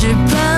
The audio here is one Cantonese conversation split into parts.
只怕。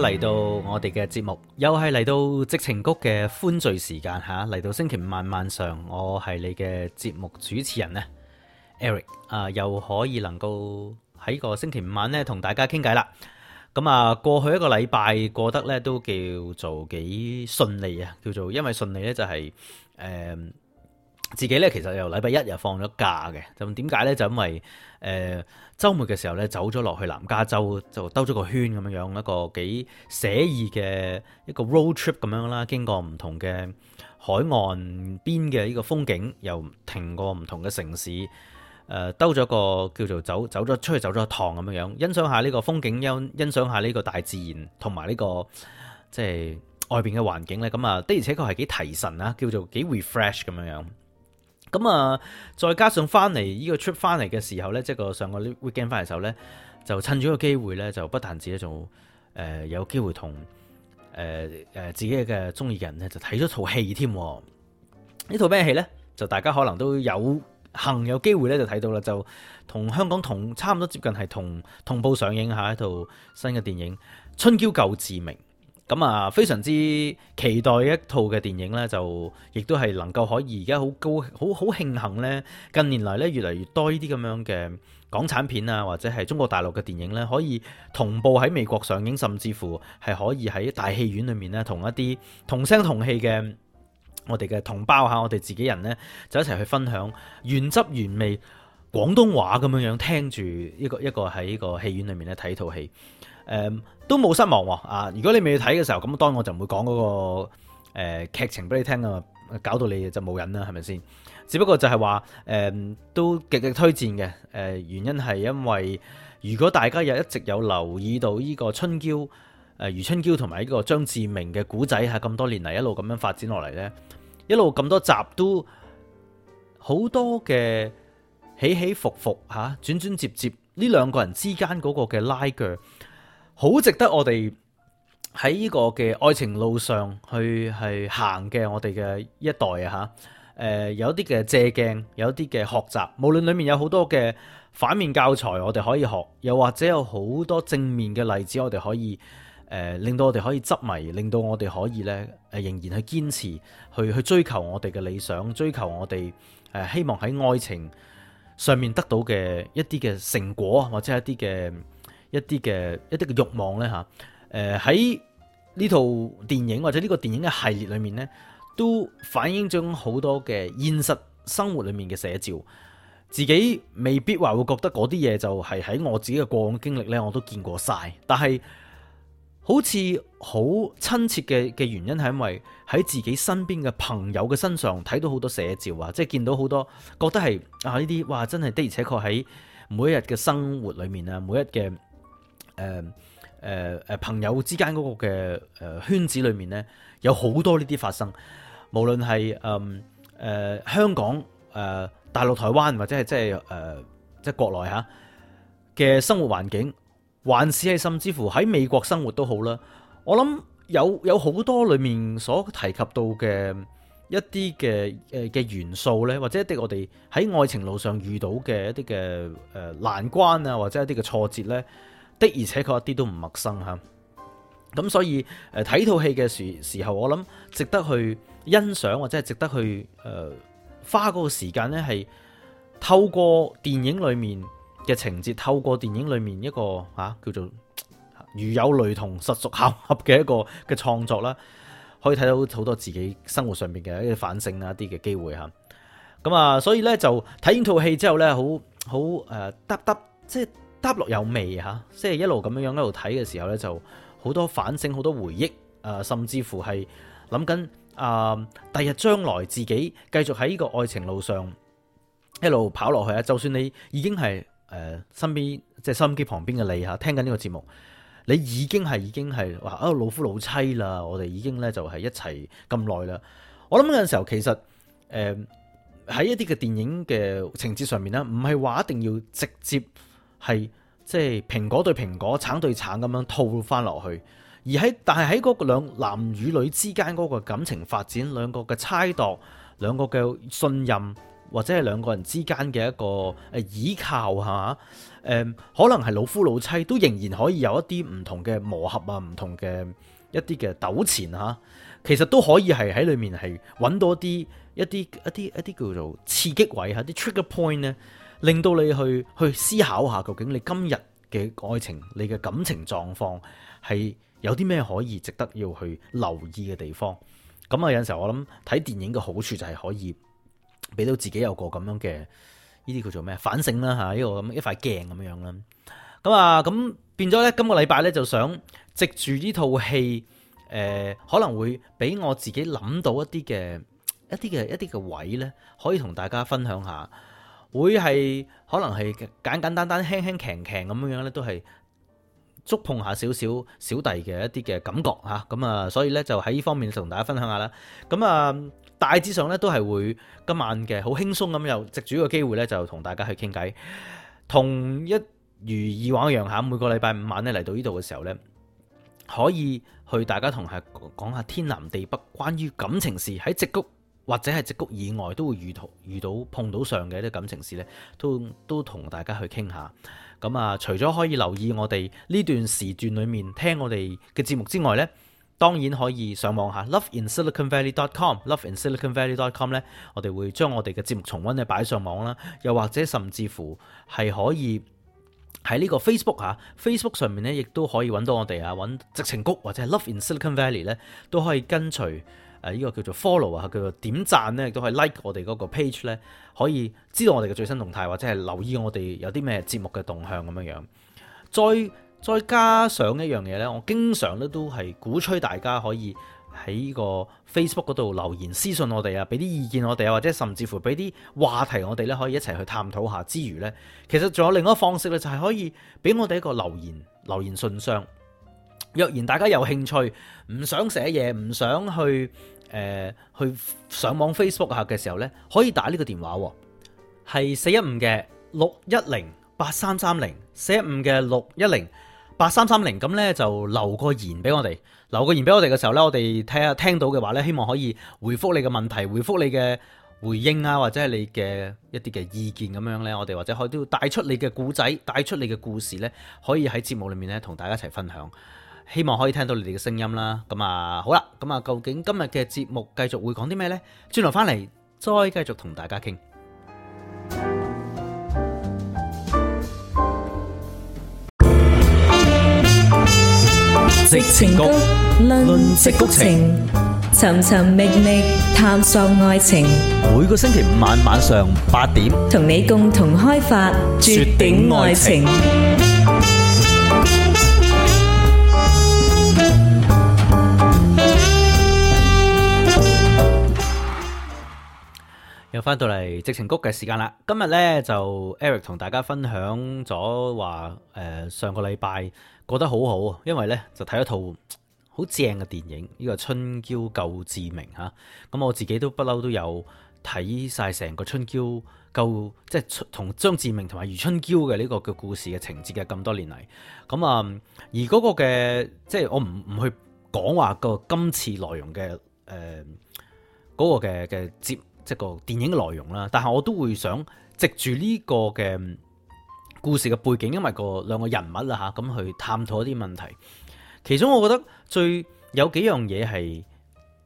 嚟到我哋嘅節目，又係嚟到矽情谷嘅歡聚時間吓，嚟到星期五晚晚上，我係你嘅節目主持人呢 Eric 啊，又可以能夠喺個星期五晚咧同大家傾偈啦。咁啊，過去一個禮拜過得咧都叫做幾順利啊，叫做因為順利咧就係、是、誒、呃、自己咧其實由禮拜一又放咗假嘅，就點解咧就因為誒。呃周末嘅時候咧，走咗落去南加州，就兜咗個圈咁樣樣，一個幾寫意嘅一個 road trip 咁樣啦，經過唔同嘅海岸邊嘅呢個風景，又停過唔同嘅城市，誒，兜咗個叫做走走咗出去走咗一趟咁樣樣，欣賞下呢個風景，欣欣賞下呢個大自然同埋呢個即係外邊嘅環境咧，咁啊的而且確係幾提神啊，叫做幾 refresh 咁樣樣。咁啊，再加上翻嚟呢個出翻嚟嘅時候咧，即係個上個 weekend 翻嚟嘅時候咧，就趁住個機會咧，就不但止咧，仲、呃、誒有機會同誒誒自己嘅中意人咧，就睇咗套戲添。呢套咩戲咧？就大家可能都有幸有機會咧，就睇到啦，就同香港同差唔多接近係同同步上映下一套新嘅電影《春嬌救志明》。咁啊，非常之期待一套嘅電影呢，就亦都係能夠可以而家好高興好好慶幸呢，近年來呢，越嚟越多呢啲咁樣嘅港產片啊，或者係中國大陸嘅電影呢，可以同步喺美國上映，甚至乎係可以喺大戲院裏面呢，同一啲同聲同氣嘅我哋嘅同胞吓，我哋自己人呢，就一齊去分享原汁原味廣東話咁樣樣，聽住一個一個喺呢個戲院裏面咧睇套戲。誒。都冇失望喎！啊，如果你未去睇嘅時候，咁當然我就唔會講嗰、嗰個誒劇、呃、情俾你聽啊，搞到你就冇癮啦，係咪先？只不過就係話誒，都極力推薦嘅。誒、呃，原因係因為如果大家又一直有留意到呢個春嬌誒、呃，余春嬌同埋呢個張志明嘅古仔喺咁多年嚟一路咁樣發展落嚟呢，一路咁多集都好多嘅起起伏伏吓，轉、啊、轉接接呢兩個人之間嗰個嘅拉鋸。好值得我哋喺呢個嘅愛情路上去係行嘅，我哋嘅一代啊吓，誒有啲嘅借鏡，有啲嘅學習，無論裏面有好多嘅反面教材，我哋可以學，又或者有好多正面嘅例子，我哋可以誒、呃、令到我哋可以執迷，令到我哋可以呢誒仍然去堅持去，去去追求我哋嘅理想，追求我哋誒希望喺愛情上面得到嘅一啲嘅成果，或者一啲嘅。一啲嘅，一啲嘅慾望咧吓，誒喺呢套電影或者呢個電影嘅系列裏面呢，都反映咗好多嘅現實生活裏面嘅寫照。自己未必話會覺得嗰啲嘢就係喺我自己嘅過往經歷呢，我都見過晒。但係好似好親切嘅嘅原因係因為喺自己身邊嘅朋友嘅身上睇到好多寫照啊，即係見到好多覺得係啊，呢啲哇，真係的而且確喺每一日嘅生活裏面啊，每一日嘅。誒誒誒，朋友之間嗰個嘅誒圈子裏面咧，有好多呢啲發生。無論係誒、呃、香港誒、呃、大陸、台灣或者係、呃、即係誒即係國內吓嘅生活環境，還是係甚至乎喺美國生活都好啦。我諗有有好多裏面所提及到嘅一啲嘅誒嘅元素咧，或者一啲我哋喺愛情路上遇到嘅一啲嘅誒難關啊，或者一啲嘅挫折咧。的而且確一啲都唔陌生嚇，咁所以誒睇套戲嘅時時候，我諗值得去欣賞或者係值得去誒花嗰個時間咧，係透過電影裏面嘅情節，透過電影裏面一個嚇、啊、叫做如有雷同實屬巧合嘅一個嘅創作啦，可以睇到好多自己生活上面嘅一啲反省、啊一啲嘅機會嚇。咁啊，所以咧就睇完套戲之後咧，好好誒，得得即係。呃就是插落有味吓，即係一路咁樣樣喺度睇嘅時候呢，就好多反省，好多回憶，誒，甚至乎係諗緊啊，第日將來自己繼續喺呢個愛情路上一路跑落去啊！就算你已經係誒身邊即係收音機旁邊嘅你吓，聽緊呢個節目，你已經係已經係哇啊老夫老妻啦，我哋已經呢就係一齊咁耐啦。我諗嗰陣時候其實誒喺、呃、一啲嘅電影嘅情節上面呢，唔係話一定要直接。係即係蘋果對蘋果、橙對橙咁樣套翻落去而，而喺但係喺嗰個兩男與女之間嗰個感情發展，兩個嘅猜度、兩個嘅信任，或者係兩個人之間嘅一個誒倚靠，吓誒，可能係老夫老妻都仍然可以有一啲唔同嘅磨合啊，唔同嘅一啲嘅糾纏吓，其實都可以係喺裏面係揾到啲一啲一啲一啲叫做刺激位吓啲 trigger point 呢。令到你去去思考下，究竟你今日嘅愛情、你嘅感情狀況係有啲咩可以值得要去留意嘅地方？咁啊，有陣時候我諗睇電影嘅好處就係可以俾到自己有個咁樣嘅呢啲叫做咩？反省啦，吓，一個咁一塊鏡咁樣啦。咁啊，咁變咗呢，今個禮拜呢，就想藉住呢套戲，誒、呃，可能會俾我自己諗到一啲嘅一啲嘅一啲嘅位呢，可以同大家分享下。會係可能係簡簡單單，輕輕騎騎咁樣咧，都係觸碰下少少小弟嘅一啲嘅感覺嚇。咁啊，所以咧就喺呢方面就同大家分享下啦。咁啊，大致上咧都係會今晚嘅好輕鬆咁又藉住個機會咧，就同大家去傾偈。同一如以往一樣嚇，每個禮拜五晚咧嚟到呢度嘅時候咧，可以去大家同下講下天南地北關於感情事喺矽谷。或者係矽谷以外都會遇到遇到碰到上嘅一啲感情事咧，都都同大家去傾下。咁啊，除咗可以留意我哋呢段時段裏面聽我哋嘅節目之外咧，當然可以上網下 LoveInSiliconValley.com，LoveInSiliconValley.com 咧，我哋會將我哋嘅節目重温咧擺上網啦。又或者甚至乎係可以喺呢個 Facebook 嚇，啊，Facebook 上面咧亦都可以揾到我哋啊，揾矽情谷或者係 LoveInSiliconValley 咧都可以跟隨。誒、這、呢個叫做 follow 啊，叫做點讚咧，亦都可以 like 我哋嗰個 page 咧，可以知道我哋嘅最新動態，或者係留意我哋有啲咩節目嘅動向咁樣樣。再再加上一樣嘢咧，我經常咧都係鼓吹大家可以喺呢個 Facebook 嗰度留言私信我哋啊，俾啲意見我哋啊，或者甚至乎俾啲話題我哋咧可以一齊去探討下。之餘咧，其實仲有另一個方式咧，就係、是、可以俾我哋一個留言留言信箱。若然大家有興趣，唔想寫嘢，唔想去、呃、去上網 Facebook 下嘅時候呢，可以打呢個電話，係四一五嘅六一零八三三零，四一五嘅六一零八三三零，咁呢，就留個言俾我哋，留個言俾我哋嘅時候呢，我哋聽下聽到嘅話呢，希望可以回覆你嘅問題，回覆你嘅回應啊，或者係你嘅一啲嘅意見咁樣呢。我哋或者可以都要帶出你嘅故仔，帶出你嘅故事呢，可以喺節目裏面呢，同大家一齊分享。希望可以聽到你哋嘅聲音啦。咁啊，好啦，咁啊，究竟今日嘅節目繼續會講啲咩呢？轉頭翻嚟再繼續同大家傾。矽情谷論色情，尋尋覓覓探索愛情。每個星期五晚晚上八點，同你共同開發絕頂愛情。又翻到嚟矽情谷嘅時間啦，今日呢，就 Eric 同大家分享咗話誒，上個禮拜過得好好，因為呢就睇咗套好正嘅電影，呢個《春嬌救志明》吓。咁、啊、我自己都不嬲都有睇晒成個《春嬌救》，即係同張志明同埋余春嬌嘅呢個嘅故事嘅情節嘅咁多年嚟。咁、嗯、啊，而嗰個嘅即係我唔唔去講話個今次內容嘅誒嗰個嘅嘅接。即個電影內容啦，但係我都會想藉住呢個嘅故事嘅背景，因為個兩個人物啦吓，咁去探討一啲問題。其中，我覺得最有幾樣嘢係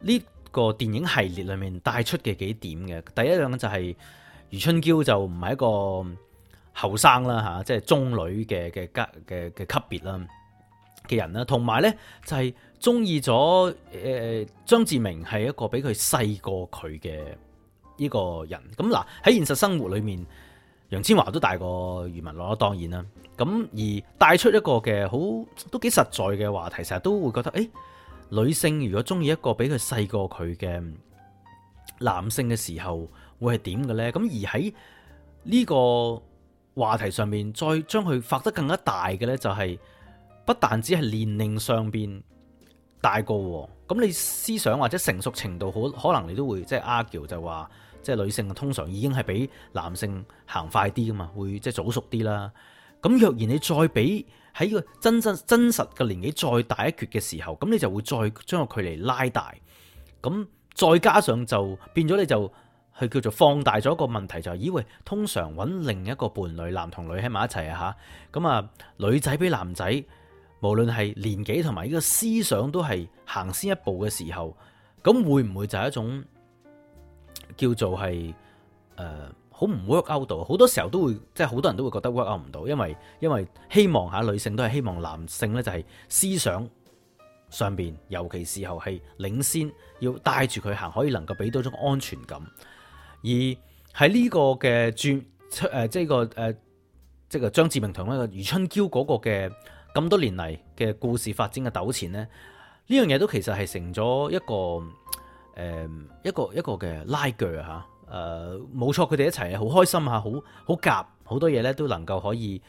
呢個電影系列裏面帶出嘅幾點嘅。第一樣就係余春嬌就唔係一個後生啦吓，即係中女嘅嘅級嘅嘅級別啦嘅人啦，同埋咧就係中意咗誒張志明係一個比佢細過佢嘅。呢個人咁嗱，喺現實生活裏面，楊千嬅都大過余文樂，當然啦。咁而帶出一個嘅好都幾實在嘅話題，成日都會覺得誒，女性如果中意一個比佢細過佢嘅男性嘅時候，會係點嘅呢？咁而喺呢個話題上面，再將佢發得更加大嘅呢，就係不但只係年齡上邊大過，咁你思想或者成熟程度好，可能你都會即係 argue 就話。即係女性通常已經係比男性行快啲噶嘛，會即係早熟啲啦。咁若然你再俾喺個真真真實嘅年紀再大一橛嘅時候，咁你就會再將個距離拉大。咁再加上就變咗你就係叫做放大咗一個問題，就是，就係咦喂，通常揾另一個伴侶男同女喺埋一齊啊吓，咁啊女仔比男仔，無論係年紀同埋呢個思想都係行先一步嘅時候，咁會唔會就係一種？叫做係誒好唔 work out 到，好多時候都會即係好多人都會覺得 work out 唔到，因為因為希望吓、呃、女性都係希望男性咧就係、是、思想上邊，尤其時候係領先，要帶住佢行，可以能夠俾到種安全感。而喺呢個嘅轉誒，即係、這個誒、呃，即係、這個呃、張志明同埋個余春嬌嗰個嘅咁多年嚟嘅故事發展嘅糾纏咧，呢樣嘢都其實係成咗一個。誒，一個一個嘅拉鋸吓，誒、啊，冇錯，佢哋一齊，好開心吓，好好夾，好多嘢咧都能夠可以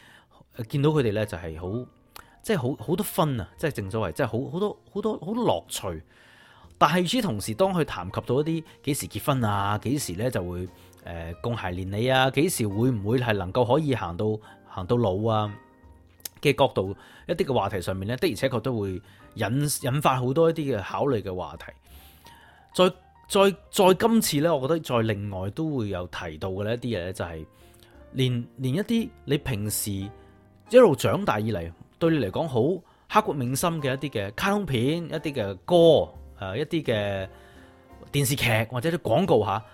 見到佢哋咧，就係、是、好，即係好好多分啊，即、就、係、是、正所謂，即係好好多好多好多樂趣。但係與此同時，當佢談及到一啲幾時結婚啊，幾時咧就會誒、呃、共諧連理啊，幾時會唔會係能夠可以行到行到老啊嘅角度一啲嘅話題上面咧，的而且確都會引引發好多一啲嘅考慮嘅話題。再再再今次咧，我覺得再另外都會有提到嘅呢一啲嘢咧，就係連連一啲你平時一路長大以嚟對你嚟講好刻骨銘心嘅一啲嘅卡通片、一啲嘅歌、誒、啊、一啲嘅電視劇或者啲廣告嚇、啊，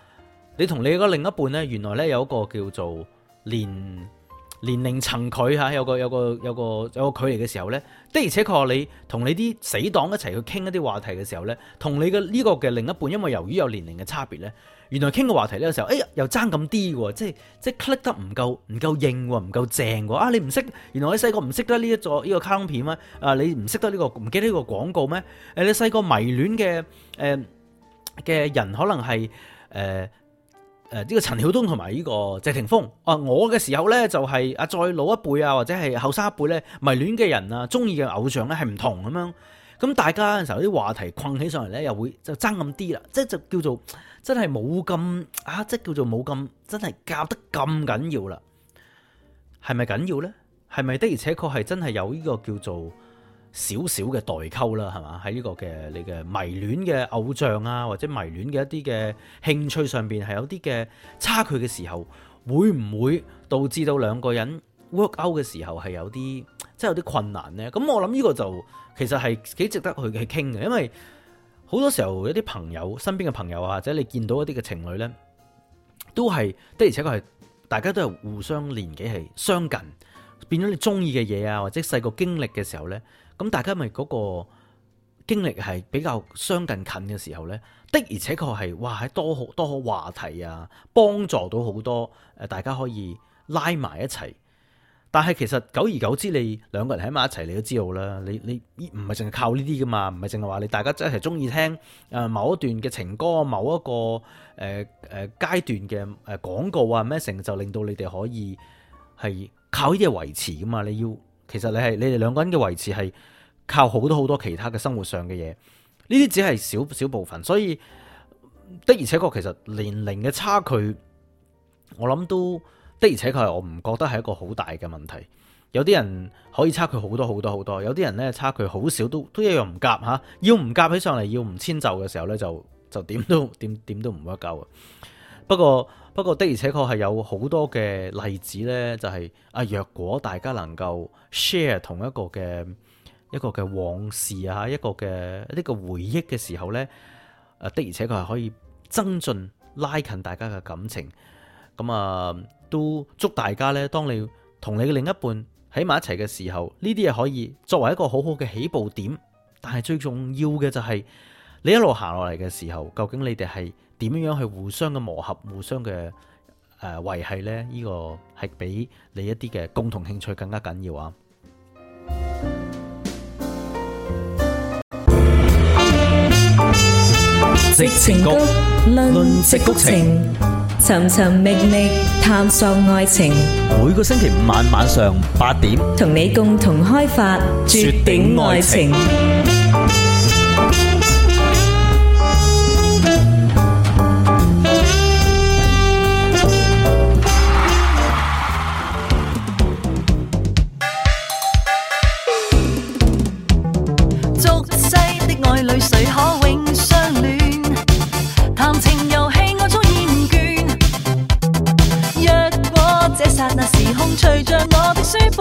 你同你嘅另一半咧，原來咧有一個叫做連。年齡層距嚇有個有個有個有個距離嘅時候咧，的而且確你同你啲死黨一齊去傾一啲話題嘅時候咧，同你嘅呢個嘅另一半，因為由於有年齡嘅差別咧，原來傾嘅話題呢個時候，哎呀又爭咁啲喎，即係即係 click 得唔夠唔夠應喎，唔夠正喎啊！你唔識，原來你細個唔識得呢一座呢個卡通片咩？啊，你唔識得呢個唔記得呢個廣告咩？誒，你細個迷戀嘅誒嘅人可能係誒。呃誒呢個陳曉東同埋呢個謝霆鋒啊，我嘅時候呢，就係啊再老一輩啊或者係後生一輩呢，迷戀嘅人啊，中意嘅偶像呢，係唔同咁樣，咁大家有時候啲話題困起上嚟呢，又會就爭咁啲啦，即係就叫做真係冇咁啊，即係叫做冇咁真係教得咁緊要啦，係咪緊要呢？係咪的而且確係真係有呢個叫做。少少嘅代溝啦，係嘛？喺呢個嘅你嘅迷戀嘅偶像啊，或者迷戀嘅一啲嘅興趣上邊，係有啲嘅差距嘅時候，會唔會導致到兩個人 work 溝嘅時候係有啲真係有啲困難呢？咁我諗呢個就其實係幾值得去去傾嘅，因為好多時候一啲朋友身邊嘅朋友，啊，或者你見到一啲嘅情侶呢，都係的是，而且確係大家都係互相年紀係相近，變咗你中意嘅嘢啊，或者細個經歷嘅時候呢。咁大家咪嗰個經歷係比較相近近嘅時候呢？的而且確係哇係多好多好話題啊，幫助到好多誒，大家可以拉埋一齊。但係其實久而久之，你兩個人喺埋一齊，你都知道啦。你你唔係淨係靠呢啲噶嘛，唔係淨係話你大家真係中意聽誒某一段嘅情歌，某一個誒誒、呃呃、階段嘅誒廣告啊咩成，就令到你哋可以係靠呢啲維持噶嘛，你要。其實你係你哋兩個人嘅維持係靠好多好多其他嘅生活上嘅嘢，呢啲只係少少部分，所以的而且確其實年齡嘅差距，我諗都的而且確係我唔覺得係一個好大嘅問題。有啲人可以差距好多好多好多，有啲人咧差距好少都都一樣唔夾嚇，要唔夾起上嚟要唔遷就嘅時候咧就就點都點點都唔乜夠。不過。不過的而且確係有好多嘅例子呢，就係啊，若果大家能夠 share 同一個嘅一個嘅往事啊，一個嘅呢個回憶嘅時候呢，的而且確係可以增進拉近大家嘅感情。咁啊，都祝大家呢，當你同你嘅另一半喺埋一齊嘅時候，呢啲嘢可以作為一個好好嘅起步點。但係最重要嘅就係你一路行落嚟嘅時候，究竟你哋係，點樣去互相嘅磨合，互相嘅誒維繫呢？呢個係比你一啲嘅共同興趣更加緊要啊！矽情谷論矽谷情，尋尋覓覓探索愛情。每個星期五晚晚上八點，同你共同開發絕頂愛情。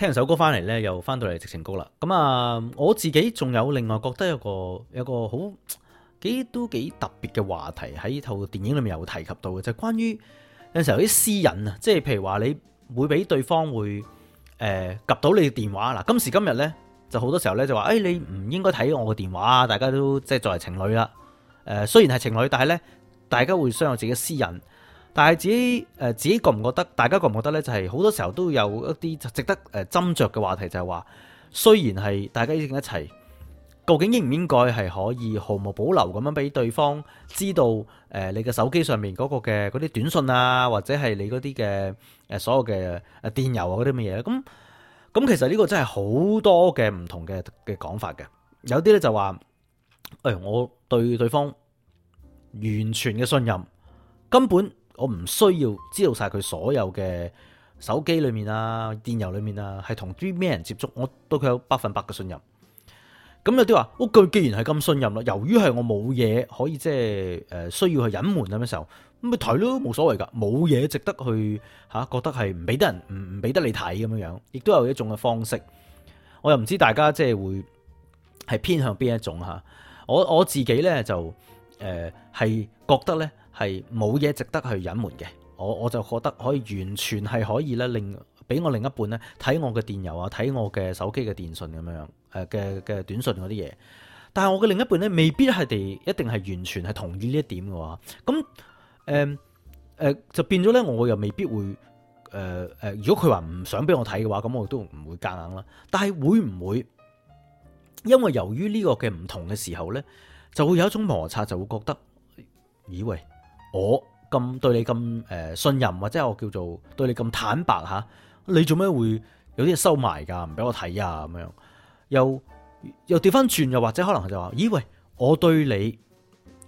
聽完首歌翻嚟呢又翻到嚟矽情谷啦。咁啊，我自己仲有另外覺得一個一個好幾都幾特別嘅話題喺套電影裏面有提及到嘅，就係、是、關於有時候啲私隱啊，即係譬如話你會俾對方會誒及、呃、到你嘅電話嗱。今時今日呢，就好多時候呢就話誒、哎、你唔應該睇我嘅電話啊，大家都即係作為情侶啦。誒、呃、雖然係情侶，但係呢，大家會享有自己嘅私隱。但係自己誒、呃，自己覺唔覺得？大家覺唔覺得呢？就係、是、好多時候都有一啲值得誒、呃、斟酌嘅話題就，就係話雖然係大家已經一齊，究竟應唔應該係可以毫無保留咁樣俾對方知道、呃、你嘅手機上面嗰個嘅嗰啲短信啊，或者係你嗰啲嘅所有嘅誒電郵啊嗰啲乜嘢？咁咁其實呢個真係好多嘅唔同嘅嘅講法嘅，有啲呢就話誒、哎，我對對方完全嘅信任，根本。我唔需要知道晒佢所有嘅手機裏面啊、電郵裏面啊，係同啲咩人接觸，我對佢有百分百嘅信任。咁有啲話，我、哦、佢既然係咁信任啦，由於係我冇嘢可以即係誒需要去隱瞞咁嘅時候，咁咪睇咯，冇所謂噶，冇嘢值得去吓、啊，覺得係唔俾得人唔唔俾得你睇咁樣樣，亦都有一種嘅方式。我又唔知大家即係會係偏向邊一種吓、啊，我我自己咧就誒係、呃、覺得咧。係冇嘢值得去隱瞞嘅，我我就覺得可以完全係可以咧，令俾我另一半咧睇我嘅電郵啊，睇我嘅手機嘅電訊咁樣，誒嘅嘅短信嗰啲嘢。但係我嘅另一半咧，未必係哋一定係完全係同意呢一點嘅話。咁誒誒，就變咗咧，我又未必會誒誒、呃。如果佢話唔想俾我睇嘅話，咁我都唔會夾硬啦。但係會唔會因為由於呢個嘅唔同嘅時候咧，就會有一種摩擦，就會覺得咦喂？我咁對你咁誒信任，或者我叫做對你咁坦白嚇，你做咩會有啲收埋㗎？唔俾我睇啊咁樣，又又調翻轉，又或者可能就話：咦喂，我對你誒、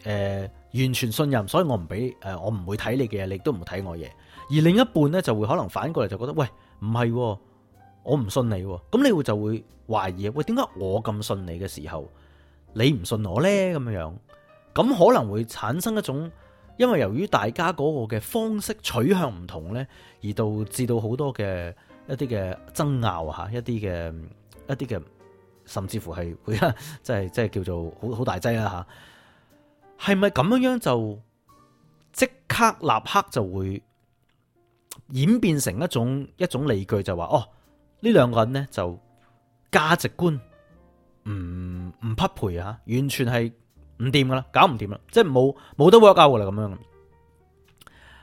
呃、完全信任，所以我唔俾誒，我唔會睇你嘅嘢，你亦都唔會睇我嘢。而另一半呢，就會可能反過嚟就覺得：喂，唔係，我唔信你，咁你會就會懷疑：喂，點解我咁信你嘅時候，你唔信我呢？咁樣，咁可能會產生一種。因為由於大家嗰個嘅方式取向唔同咧，而導致到好多嘅一啲嘅爭拗吓，一啲嘅一啲嘅，甚至乎係會即係即係叫做好好大劑啦吓。係咪咁樣樣就即刻立刻就會演變成一種一種理據，就話哦呢兩個人咧就價值觀唔唔匹配啊，完全係。唔掂噶啦，搞唔掂啦，即係冇冇得 work out 啦咁樣。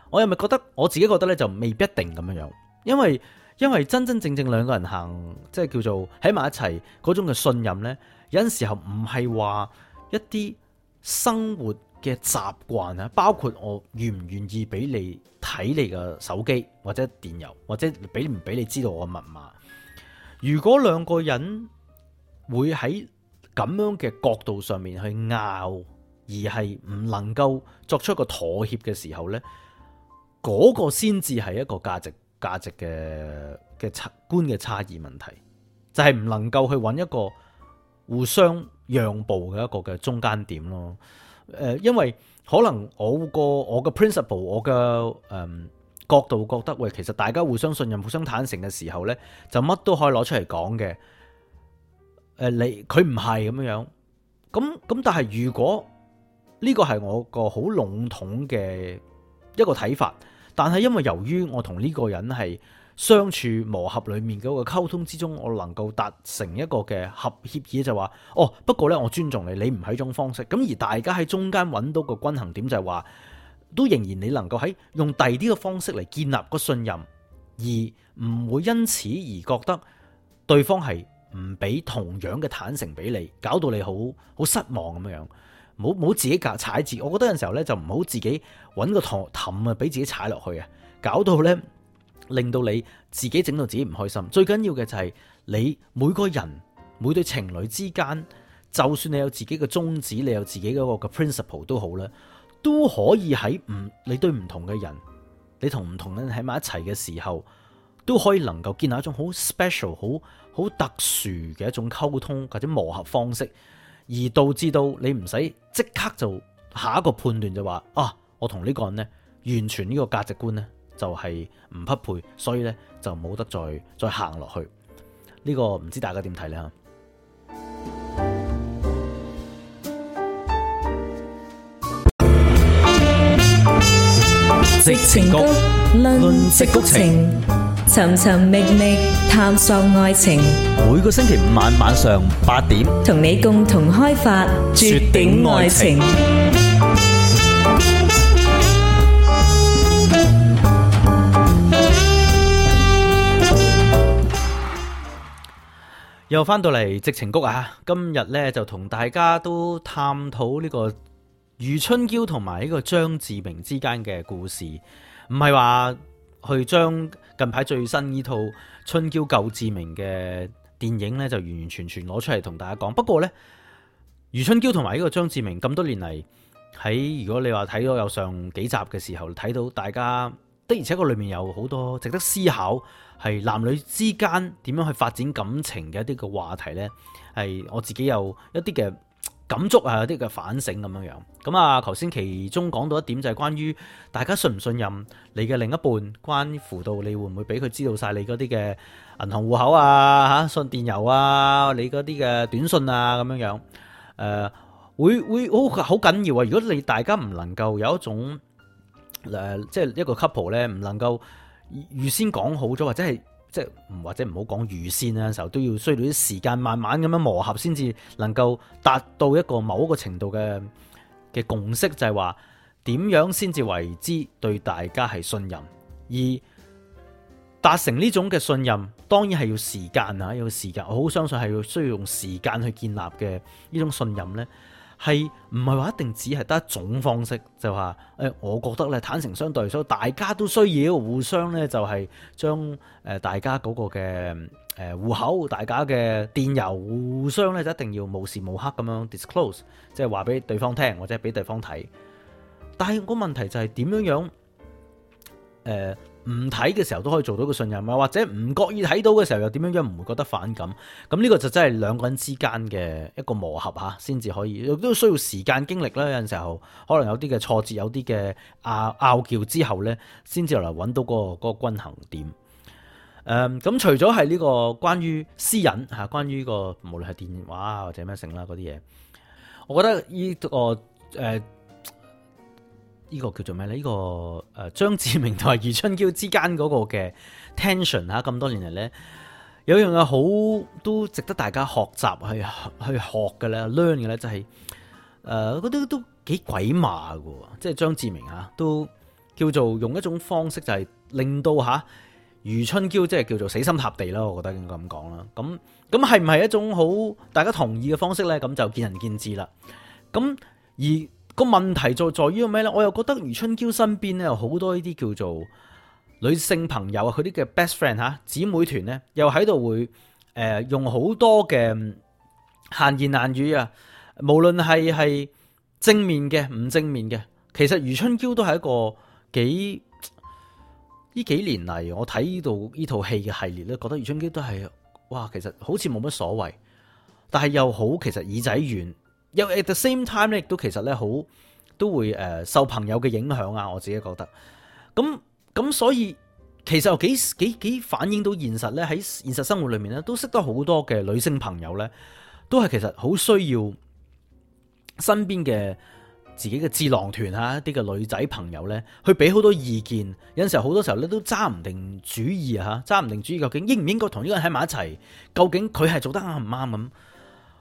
我又咪覺得我自己覺得咧，就未必一定咁樣樣，因為因為真真正正兩個人行，即係叫做喺埋一齊嗰種嘅信任呢，有陣時候唔係話一啲生活嘅習慣啊，包括我願唔願意俾你睇你嘅手機或者電郵，或者俾唔俾你知道我嘅密碼。如果兩個人會喺咁樣嘅角度上面去拗，而係唔能夠作出一個妥協嘅時候呢嗰、嗰個先至係一個價值價值嘅嘅差觀嘅差異問題，就係、係、唔能夠去揾一個互相讓步嘅一個嘅中間點咯。因為可能我個我嘅 principle，我嘅誒、嗯、角度覺得喂，其實大家互相信任、互相坦誠嘅時候呢就乜都可以攞出嚟講嘅。誒，你佢唔係咁樣樣，咁咁但係如果呢個係我個好籠統嘅一個睇法，但係因為由於我同呢個人係相處磨合裏面嗰個溝通之中，我能夠達成一個嘅合協議就，就話哦，不過呢，我尊重你，你唔係一種方式，咁而大家喺中間揾到個均衡點就，就係話都仍然你能夠喺用第啲嘅方式嚟建立個信任，而唔會因此而覺得對方係。唔俾同樣嘅坦誠俾你，搞到你好好失望咁樣，冇冇自己踩踩字。我覺得有時候咧，就唔好自己揾個台氹啊，俾自己踩落去啊，搞到咧令到你自己整到自己唔開心。最緊要嘅就係你每個人每對情侶之間，就算你有自己嘅宗旨，你有自己嗰個嘅 principle 都好啦，都可以喺唔你對唔同嘅人，你同唔同人喺埋一齊嘅時候，都可以能夠見到一種好 special 好好特殊嘅一種溝通或者磨合方式，而導致到你唔使即刻就下一個判斷就話啊，我同呢個人呢完全呢個價值觀呢就係唔匹配，所以呢就冇得再再行落去。呢個唔知大家點睇呢？直情情。尋尋覓覓，探索愛情。每個星期五晚晚上八點，同你共同開發絕頂愛情。又翻到嚟矽情谷啊！今日呢就同大家都探討呢個余春嬌同埋呢個張志明之間嘅故事，唔係話去將。近排最新呢套春嬌救志明嘅電影呢，就完完全全攞出嚟同大家講。不過呢，余春嬌同埋呢個張志明咁多年嚟喺，如果你話睇到有上幾集嘅時候，睇到大家的而且確裏面有好多值得思考，係男女之間點樣去發展感情嘅一啲嘅話題呢？係我自己有一啲嘅。感觸啊，有啲嘅反省咁樣樣。咁啊，頭先其中講到一點就係關於大家信唔信任你嘅另一半，關乎到你會唔會俾佢知道晒你嗰啲嘅銀行戶口啊、嚇信電郵啊、你嗰啲嘅短信啊咁樣樣。誒、呃，會會好好緊要啊！如果你大家唔能夠有一種誒，即、呃、係、就是、一個 couple 咧，唔能夠預先講好咗或者係。即或者唔好講預先啊，時候都要需要啲時間，慢慢咁樣磨合，先至能夠達到一個某一個程度嘅嘅共識，就係話點樣先至為之對大家係信任，而達成呢種嘅信任，當然係要時間啊，要時間，我好相信係要需要用時間去建立嘅呢種信任呢。係唔係話一定只係得一種方式？就話誒，我覺得咧坦誠相對，所以大家都需要互相咧，就係將誒大家嗰個嘅誒戶口，大家嘅電郵，互相咧就一定要無時無刻咁樣 disclose，即係話俾對方聽，或者俾對方睇。但係個問題就係點樣樣誒？呃唔睇嘅時候都可以做到個信任啊，或者唔覺意睇到嘅時候又點樣樣唔會覺得反感？咁呢個就真係兩個人之間嘅一個磨合吓，先至可以，亦都需要時間經歷啦。有陣時候可能有啲嘅挫折，有啲嘅啊拗撬之後呢，先至嚟揾到嗰個嗰個均衡點。誒、嗯，咁除咗係呢個關於私隱吓，關於個無論係電話或者咩性啦嗰啲嘢，我覺得呢個誒。呃呢、這個叫做咩咧？呢、這個誒張志明同埋余春嬌之間嗰個嘅 tension 嚇、啊，咁多年嚟咧，有一樣嘢好都值得大家學習去去學嘅咧，learn 嘅咧就係、是、誒，覺、呃、得都幾鬼馬嘅喎，即係張志明嚇、啊、都叫做用一種方式就係令到嚇余、啊、春嬌即係叫做死心塌地啦，我覺得應該咁講啦。咁咁係唔係一種好大家同意嘅方式咧？咁就見仁見智啦。咁而。個問題就在於咩呢？我又覺得余春嬌身邊咧，有好多呢啲叫做女性朋友啊，佢啲嘅 best friend 吓姊妹團咧，又喺度會誒用好多嘅閒言難語啊！無論係係正面嘅、唔正面嘅，其實余春嬌都係一個幾呢幾年嚟，我睇到呢套戲嘅系列咧，覺得余春嬌都係哇，其實好似冇乜所謂，但係又好，其實耳仔軟。又 at the same time 咧，亦都其實咧好都會誒受朋友嘅影響啊！我自己覺得咁咁，所以其實又幾幾幾反映到現實咧。喺現實生活裏面咧，都識得好多嘅女性朋友咧，都係其實好需要身邊嘅自己嘅智囊團啊，一啲嘅女仔朋友咧，去俾好多意見。有陣時候好多時候咧都揸唔定主意嚇，揸唔定主意究竟應唔應該同呢個人喺埋一齊？究竟佢係做得啱唔啱咁？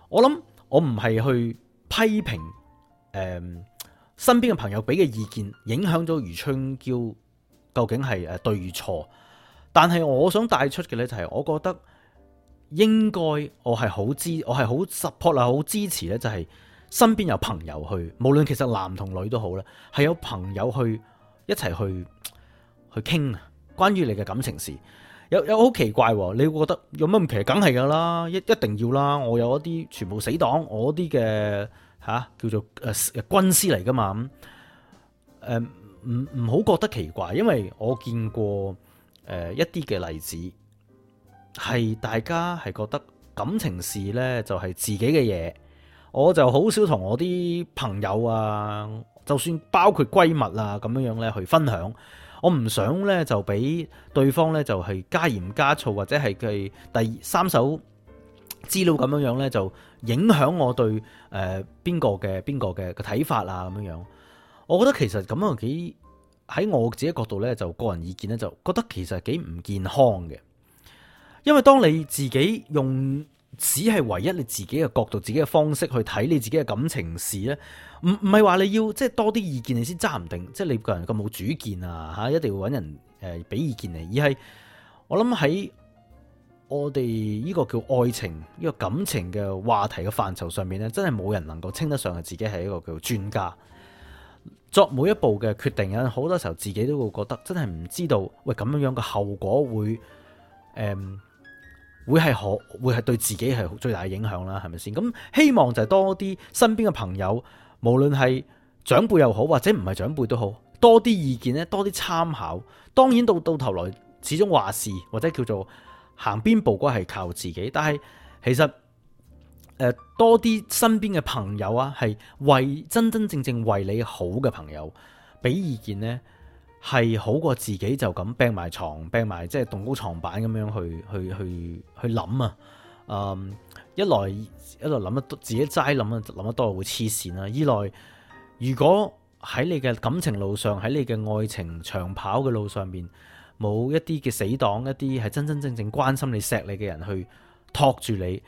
我諗。我唔係去批評誒身邊嘅朋友俾嘅意見影響咗余春嬌究竟係誒對與錯，但係我想帶出嘅呢，就係我覺得應該我係好支我係好 support 啦，好支持呢就係身邊有朋友去，無論其實男同女都好啦，係有朋友去一齊去去傾啊，關於你嘅感情事。有有好奇怪喎？你會覺得有乜咁奇？梗係㗎啦，一一定要啦。我有一啲全部死黨，我啲嘅嚇叫做誒、啊、軍師嚟㗎嘛。誒唔唔好覺得奇怪，因為我見過誒、啊、一啲嘅例子，係大家係覺得感情事呢就係、是、自己嘅嘢，我就好少同我啲朋友啊，就算包括閨蜜啊咁樣樣咧去分享。我唔想咧就俾對方咧就係加鹽加醋或者係佢第三手資料咁樣樣咧就影響我對誒邊個嘅邊個嘅嘅睇法啊咁樣樣，我覺得其實咁樣幾喺我自己的角度咧就個人意見咧就覺得其實幾唔健康嘅，因為當你自己用。只係唯一你自己嘅角度、自己嘅方式去睇你自己嘅感情事呢唔唔係話你要即係多啲意見你先揸唔定，即係你個人咁冇主見啊吓，一定要揾人誒俾意見你，而係我諗喺我哋呢個叫愛情、呢個感情嘅話題嘅範疇上面呢真係冇人能夠稱得上係自己係一個叫專家，作每一步嘅決定，好多時候自己都會覺得真係唔知道喂咁樣樣嘅後果會、嗯會係可會係對自己係最大嘅影響啦，係咪先？咁希望就係多啲身邊嘅朋友，無論係長輩又好，或者唔係長輩都好，多啲意見咧，多啲參考。當然到到頭來始終話事或者叫做行邊步，都係靠自己。但係其實誒、呃，多啲身邊嘅朋友啊，係為真真正正為你好嘅朋友俾意見呢。係好過自己就咁病埋床，病埋即係動高床板咁樣去去去去諗啊！嗯、um,，一來一來諗得多，自己齋諗啊諗得多，多會黐線啊。二來如果喺你嘅感情路上，喺你嘅愛情長跑嘅路上面，冇一啲嘅死黨，一啲係真真正正關心你、錫你嘅人去托住你，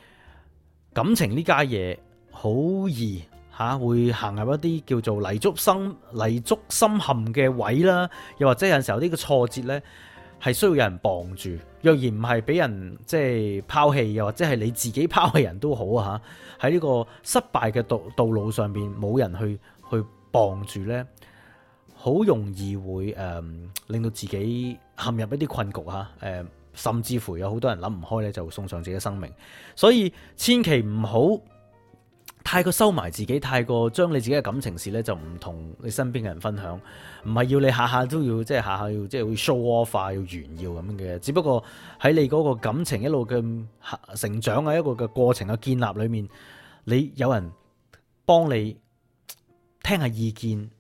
感情呢家嘢好易。吓，會行入一啲叫做泥足深、泥足深陷嘅位啦，又或者有陣時候呢個挫折呢，係需要有人傍住。若然唔係俾人即係拋棄，又或者係你自己拋棄人都好啊吓。喺呢個失敗嘅道、道路上面，冇人去去傍住呢，好容易會誒、嗯、令到自己陷入一啲困局吓。誒、嗯，甚至乎有好多人諗唔開呢，就會送上自己嘅生命。所以千祈唔好。太過收埋自己，太過將你自己嘅感情事咧，就唔同你身邊嘅人分享。唔係要你下下都要，即係下下要即係會 show off 化，要炫耀咁嘅。只不過喺你嗰個感情一路嘅成長嘅一個嘅過程嘅建立裏面，你有人幫你聽下意見，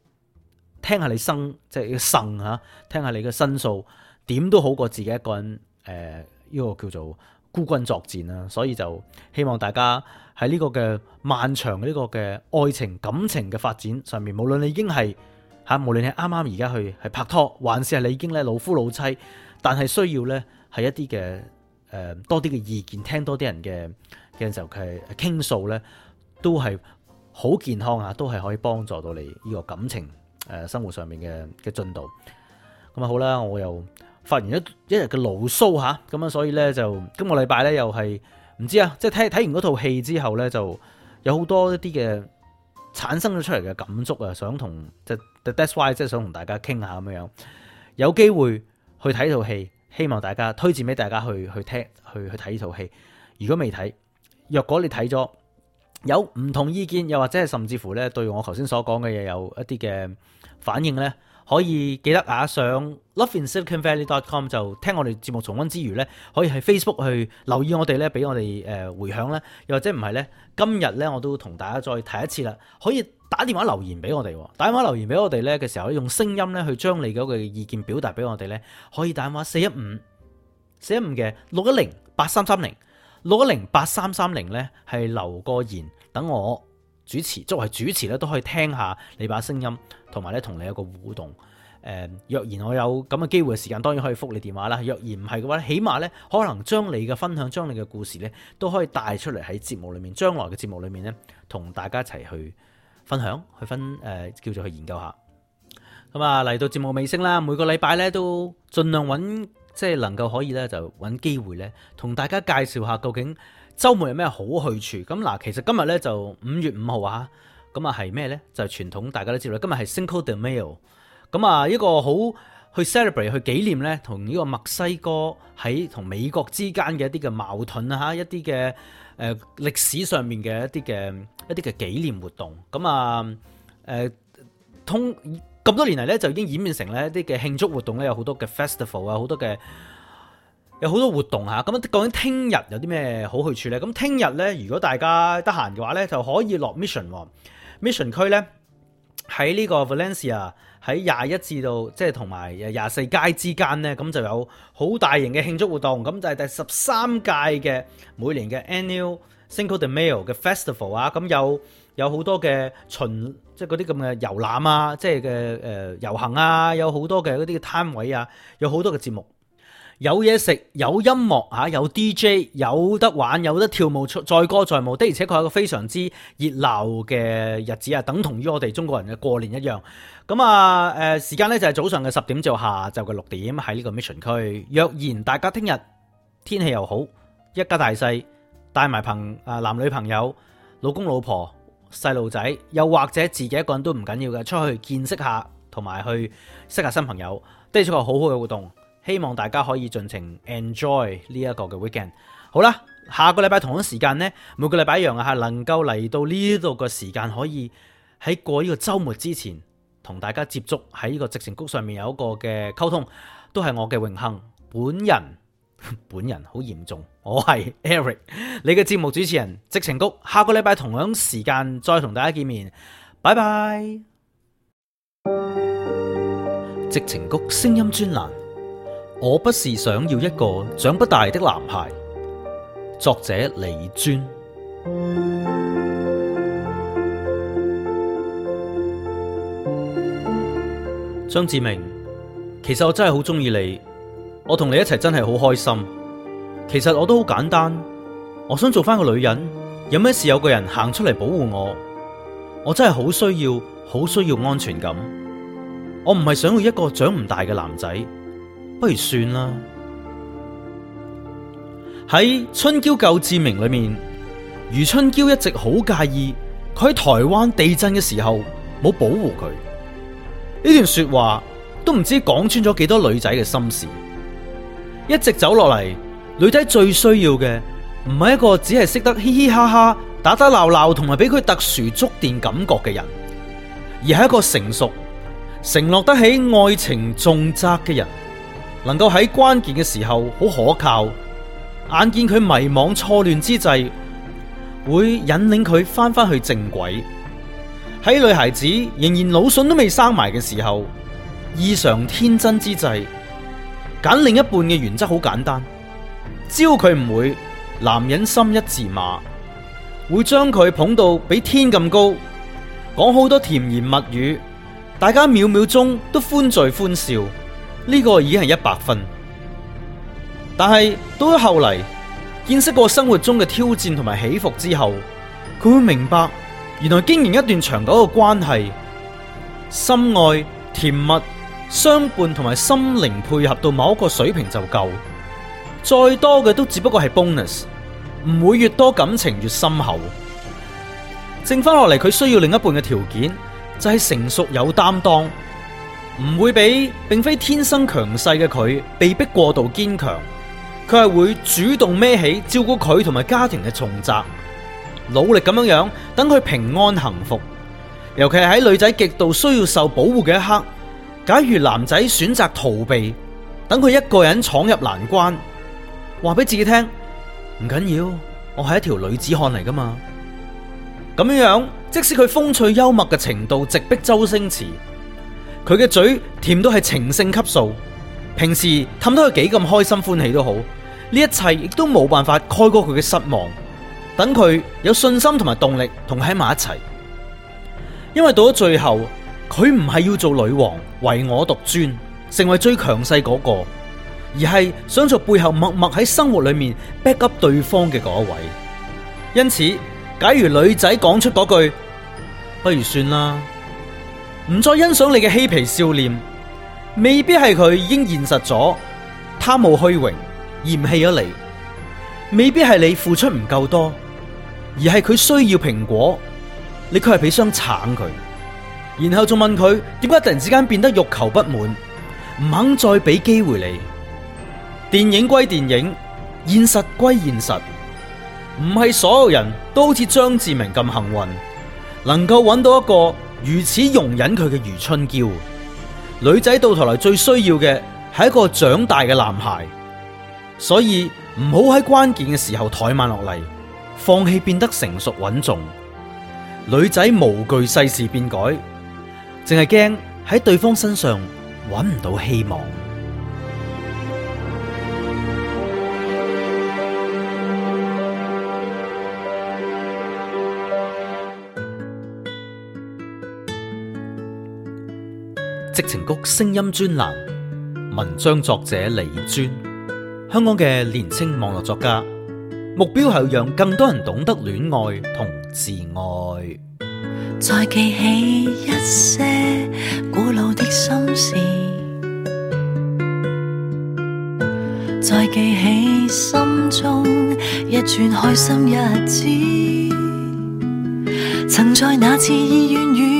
聽下你的生即係神吓，聽下你嘅申訴，點都好過自己一個人誒，呢、呃呢個叫做孤軍作戰啦，所以就希望大家喺呢個嘅漫長嘅呢個嘅愛情感情嘅發展上面，無論你已經係嚇，無論你啱啱而家去係拍拖，還是係你已經咧老夫老妻，但係需要咧係一啲嘅誒多啲嘅意見，聽多啲人嘅嘅時候佢傾訴咧，都係好健康啊，都係可以幫助到你呢個感情誒、呃、生活上面嘅嘅進度。咁啊好啦，我又。發完一一日嘅牢騷嚇，咁樣，所以咧就今個禮拜咧又係唔知啊，即係睇睇完嗰套戲之後咧，就有好多一啲嘅產生咗出嚟嘅感觸啊，想同即係 that's why 即係想同大家傾下咁樣，有機會去睇套戲，希望大家推薦俾大家去去聽去去睇呢套戲。如果未睇，若果你睇咗有唔同意見，又或者係甚至乎咧對我頭先所講嘅嘢有一啲嘅反應咧。可以記得打上 loveinsiliconvalley.com 就聽我哋節目重溫之餘咧，可以喺 Facebook 去留意我哋咧，俾我哋誒回響咧，又或者唔係咧，今日咧我都同大家再提一次啦，可以打電話留言俾我哋，打電話留言俾我哋咧嘅時候用聲音咧去將你嘅嗰個意見表達俾我哋咧，可以打電話四一五四一五嘅六一零八三三零六一零八三三零咧係留個言等我，主持，作為主持咧，都可以聽下你把聲音，同埋咧同你一個互動。誒、嗯，若然我有咁嘅機會嘅時間，當然可以覆你電話啦。若然唔係嘅話，起碼咧可能將你嘅分享、將你嘅故事咧，都可以帶出嚟喺節目裏面，將來嘅節目裏面咧，同大家一齊去分享、去分誒、呃，叫做去研究下。咁、嗯、啊，嚟到節目尾聲啦，每個禮拜咧都盡量揾，即係能夠可以咧就揾機會咧，同大家介紹下究竟周末有咩好去處？咁嗱，其實今日咧就五月五號啊，咁啊係咩咧？就係、就是、傳統，大家都知啦。今日係 Cinco de Mayo，咁啊一個好去 celebrate 去紀念咧，同呢個墨西哥喺同美國之間嘅一啲嘅矛盾啊，嚇一啲嘅誒歷史上面嘅一啲嘅一啲嘅紀念活動。咁啊誒，通咁多年嚟咧就已經演變成咧一啲嘅慶祝活動咧，有好多嘅 festival 啊，好多嘅。有好多活動嚇，咁究竟聽日有啲咩好去處咧？咁聽日咧，如果大家得閒嘅話咧，就可以落 mission 喎。mission 區咧喺呢個 Valencia 喺廿一至到即係同埋廿四街之間咧，咁就有好大型嘅慶祝活動。咁就係第十三屆嘅每年嘅 Annual Cinco de Mayo 嘅 Festival 啊。咁有有好多嘅巡即係嗰啲咁嘅遊覽啊，即係嘅誒遊行啊，有好多嘅嗰啲攤位啊，有好多嘅節目。有嘢食，有音樂吓，有 DJ，有得玩，有得跳舞，載歌載舞，的而且確係一個非常之熱鬧嘅日子啊，等同於我哋中國人嘅過年一樣。咁啊，誒，時間呢就係早上嘅十點到下晝嘅六點，喺呢個 Mission 區。若然大家聽日天氣又好，一家大細帶埋朋啊男女朋友、老公老婆、細路仔，又或者自己一個人都唔緊要嘅，出去見識下，同埋去識下新朋友，都係一個好好嘅活動。希望大家可以盡情 enjoy 呢一個嘅 weekend。好啦，下個禮拜同樣時間咧，每個禮拜一樣啊，係能夠嚟到呢度嘅時間，可以喺過呢個週末之前，同大家接觸喺呢個矽情谷上面有一個嘅溝通，都係我嘅榮幸。本人本人好嚴重，我係 Eric，你嘅節目主持人矽情谷。下個禮拜同樣時間再同大家見面，拜拜。矽情谷聲音專欄。我不是想要一個長不大的男孩。作者李尊。張志明，其實我真係好中意你，我同你一齊真係好開心。其實我都好簡單，我想做返個女人。有咩事有個人行出嚟保護我，我真係好需要，好需要安全感。我唔係想要一個長唔大嘅男仔。不如算啦。喺春嬌救志明裏面，余春嬌一直好介意佢喺台灣地震嘅時候冇保護佢。呢段說話都唔知講穿咗幾多女仔嘅心事。一直走落嚟，女仔最需要嘅唔係一個只係識得嘻嘻哈哈、打打鬧鬧、同埋俾佢特殊觸電感覺嘅人，而係一個成熟、承諾得起愛情重責嘅人。能夠喺關鍵嘅時候好可靠，眼見佢迷惘錯亂之際，會引領佢翻返去正軌。喺女孩子仍然腦筍都未生埋嘅時候，異常天真之際，揀另一半嘅原則好簡單，只要佢唔會，男人心一字馬，會將佢捧到比天咁高，講好多甜言蜜語，大家秒秒鐘都歡聚歡笑。呢、這個已經係一百分但是，但係到咗後嚟，見識過生活中嘅挑戰同埋起伏之後，佢會明白，原來經營一段長久嘅關係，深愛、甜蜜、相伴同埋心靈配合到某一個水平就夠，再多嘅都只不過係 bonus，唔會越多感情越深厚。剩翻落嚟，佢需要另一半嘅條件就係、是、成熟有擔當。唔會俾並非天生強勢嘅佢，被逼過度堅強。佢係會主動孭起照顧佢同埋家庭嘅重責，努力咁樣樣等佢平安幸福。尤其係喺女仔極度需要受保護嘅一刻，假如男仔選擇逃避，等佢一個人闖入難關，話俾自己聽，唔緊要，我係一條女子漢嚟噶嘛。咁樣樣，即使佢風趣幽默嘅程度直逼周星馳。佢嘅嘴甜都係情性級數，平時氹到佢幾咁開心歡喜都好，呢一切亦都冇辦法蓋過佢嘅失望。等佢有信心同埋動力同喺埋一齊，因為到咗最後，佢唔係要做女王，唯我獨尊，成為最強勢嗰個，而係想做背後默默喺生活裏面逼急對方嘅嗰一位。因此，假如女仔講出嗰句，不如算啦。唔再欣賞你嘅嬉皮笑臉，未必係佢已經現實咗，貪慕虛榮，嫌棄咗你；未必係你付出唔夠多，而係佢需要蘋果，你卻係俾雙橙佢。然後仲問佢點解突然之間變得欲求不滿，唔肯再俾機會你。電影歸電影，現實歸現實，唔係所有人都好似張志明咁幸運，能夠揾到一個。如此容忍佢嘅余春嬌。女仔到頭嚟最需要嘅係一個長大嘅男孩，所以唔好喺關鍵嘅時候怠慢落嚟，放棄變得成熟穩重。女仔無懼世事變改，淨係驚喺對方身上揾唔到希望。矽情谷聲音專欄文章作者李尊，香港嘅年青網絡作家，目標係讓更多人懂得戀愛同自愛。再記起一些古老的心事，再記起心中一串開心日子，曾在那次意願與。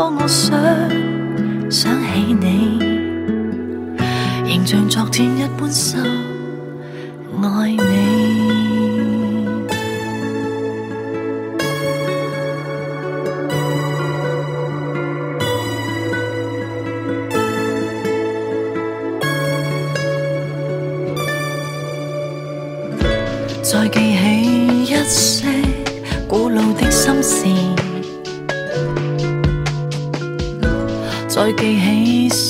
當我想想起你，仍像昨天一般深愛你。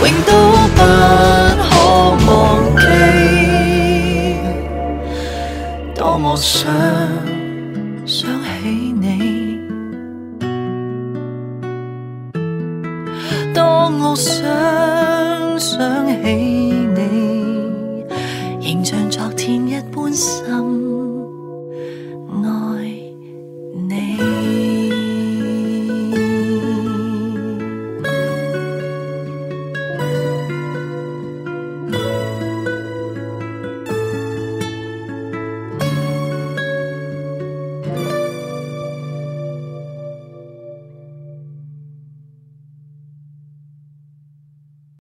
永都不可忘記，多麼想。